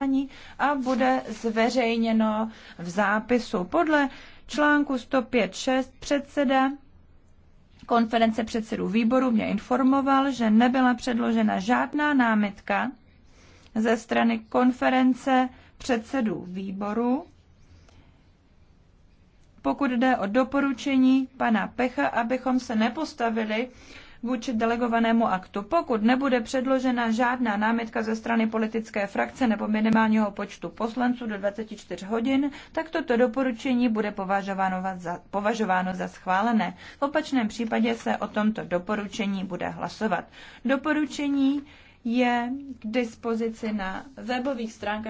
jednání a bude zveřejněno v zápisu. Podle článku 105.6 předseda konference předsedů výboru mě informoval, že nebyla předložena žádná námitka ze strany konference předsedů výboru pokud jde o doporučení pana Pecha, abychom se nepostavili vůči delegovanému aktu. Pokud nebude předložena žádná námitka ze strany politické frakce nebo minimálního počtu poslanců do 24 hodin, tak toto doporučení bude považováno za, považováno za schválené. V opačném případě se o tomto doporučení bude hlasovat. Doporučení je k dispozici na webových stránkách.